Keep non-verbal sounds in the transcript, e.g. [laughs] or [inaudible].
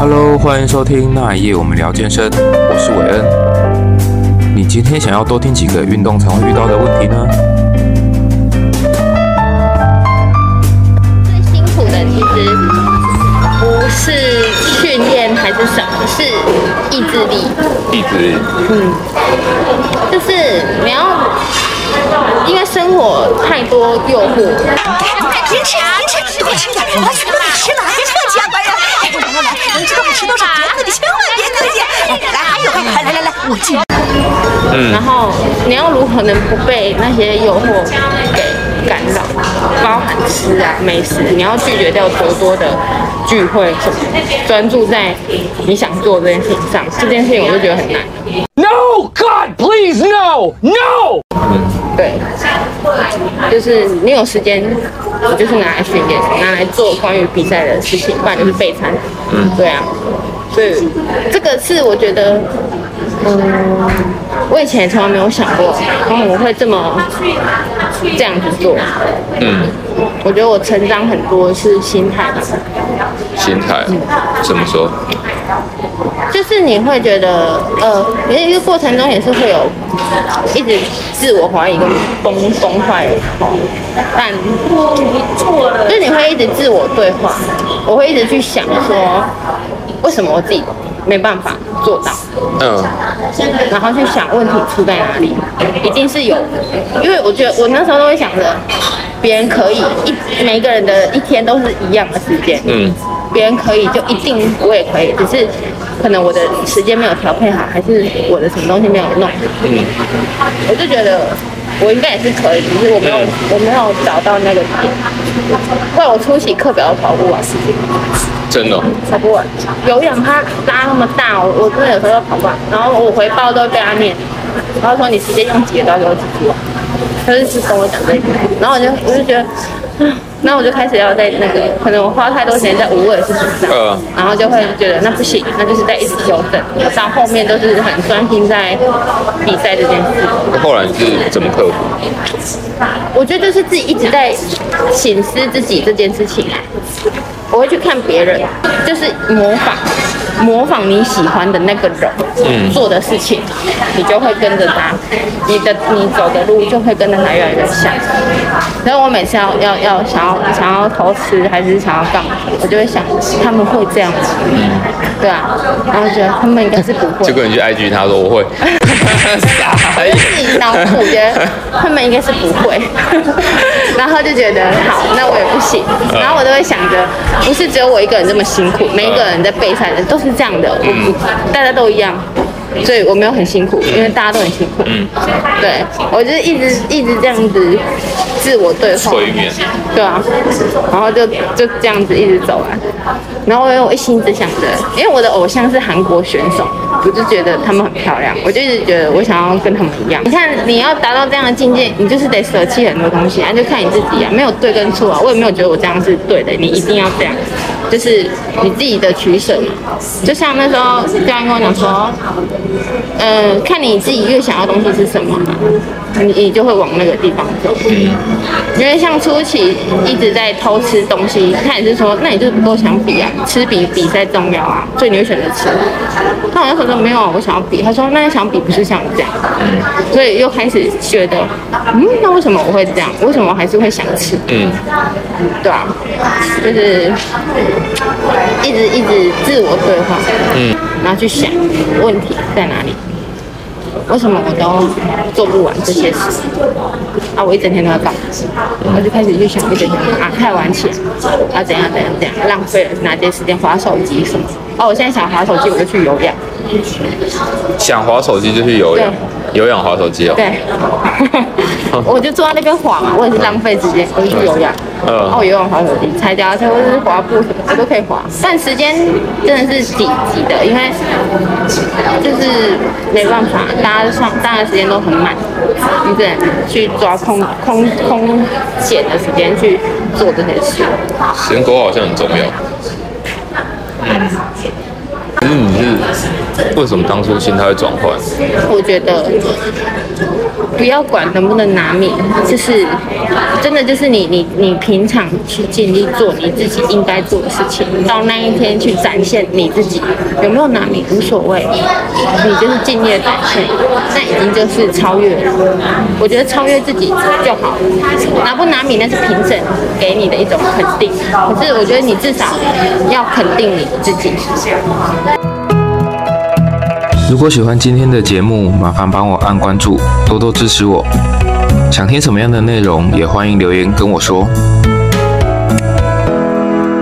Hello，歡迎收聽那一夜我們聊健身，我是偉恩。你今天想要多聽幾個運動才會遇到的問題呢？最辛苦的其實不是訓練還是什麼，是意志力。意志力。嗯。就是你要。因為生活太多誘惑，別吃、別吃、多吃點，都別吃了，別客氣啊，白人，來來來，你知道你吃多少，你千萬別客氣。來，還有，來來來，我進嗯，然後你要如何能不被那些誘惑給干擾？包含吃啊，美食，你要拒絕掉很多的聚會，什麼專注在你想做這件事情上。這件事情我就覺得很難。No God, please no, no. 對，就是你有時間，我就是拿來訓練，拿來做關於比賽的事情，不然就是備餐。嗯，對啊，所以，這個是我覺得，嗯，我以前從來沒有想過，嗯，我會這麼這樣子做。嗯，我覺得我成長很多是心態。心態，嗯？怎麼說？就是你會覺得，呃，你在一個過程中也是會有一直自我懷疑跟崩崩壞的哦，但就是你會一直自我對話，我會一直去想說，為什麼我自己沒辦法做到，嗯、呃，然後去想問題出在哪裡，一定是有，因為我覺得我那時候都會想着，別人可以一每個人的一天都是一樣的時間，嗯，別人可以就一定我也可以，只是。可能我的時間沒有調配好，還是我的什麼東西沒有弄。嗯，我就覺得我應該也是可以，只是我沒有我沒有找到那個點。怪我出席課表跑不完，是真的，哦。跑不完，有氧它拉那麼大，我真的有時候都跑不完。然後我回報都被他念，然後說你直接用剪刀給我剪完。他就只跟我講這一點，然後我就我就覺得。那我就開始要在那個，可能我花太多時間在無謂的事情上，呃啊，然後就會覺得那不行，那就是在一直調整。到後面都是很專心在比賽這件事。我後來是怎麼克服？嗯。我覺得就是自己一直在省思自己這件事情，我會去看別人，就是模仿。模仿你喜歡的那個人做的事情，嗯、你就會跟着他，你的你走的路就會跟着他越來越像。所以我每次要要要想要想要偷吃還是想要幹嘛，我就會想他們會這樣子，嗯？對啊，然後覺得他們應該是不會。就跟你去 IG 他說我會，自己腦補覺得他們應該是不會。 [laughs] 他就覺得好，那我也不行。嗯、然後我就會想着，不是只有我一個人這麼辛苦，嗯、每一個人在備賽的都是這樣的我、嗯，大家都一樣，所以我沒有很辛苦，嗯、因為大家都很辛苦。嗯、對，我就一直一直這樣子自我對話，呃、對啊，然後就就這樣子一直走來、啊。然後我一心只想着，因為我的偶像是韓國選手，我就覺得他們很漂亮，我就一直覺得我想要跟他們一樣。你看，你要達到這樣的境界，你就是得捨棄很多東西，啊，就看你自己啊，沒有對跟錯啊。我也沒有覺得我這樣是對的，你一定要這樣，就是你自己的取捨嘛。就像那時候教練跟我講說，呃，看你自己越想要東西是什麼啊。你你就會往那個地方走，因為像初期一直在偷吃東西，他也是說，那你就是不夠想比啊，吃比比賽重要啊，所以你會選擇吃。他好像說說沒有，我想要比，他說那想比不是像你這樣，所以又開始覺得，嗯，那為什麼我會這樣？為什麼我還是會想吃？嗯，對啊，就是一直一直自我對話，嗯，然後去想問題在哪裡。為什麼我都做不完這些事情？啊！我一整天都在搞，然後就開始去想一整天啊，太晚起啊，怎樣怎樣怎樣，浪費了哪些時間，滑手機什麼？哦，我現在想滑手機，我就去有氧。想滑手機就去游有氧，有氧滑手機哦。對呵呵，我就坐在那邊滑嘛，我也是浪費時間，我就去有氧。嗯。哦、嗯，有氧滑手機，拆掉，踩腳踏車或者是滑步，我都可以滑，但時間真的是擠擠的，因為就是沒辦法，大家上大家的時間都很滿，你只能去做。抓空空空閒的時間去做這件事，時間規劃好像很重要。嗯，其實你是為什麼當初心態會轉換？我覺得。不要管能不能拿名，就是真的就是你你你平常去盡力做你自己應該做的事情，到那一天去展現你自己有沒有拿名無所謂，你就是盡力的展現，那已經就是超越了。我覺得超越自己就好，拿不拿名那是評審給你的一種肯定，可是我覺得你至少要肯定你自己。如果喜歡今天的節目，麻煩幫我按關注，多多支持我。想聽什麼樣的內容，也歡迎留言跟我說。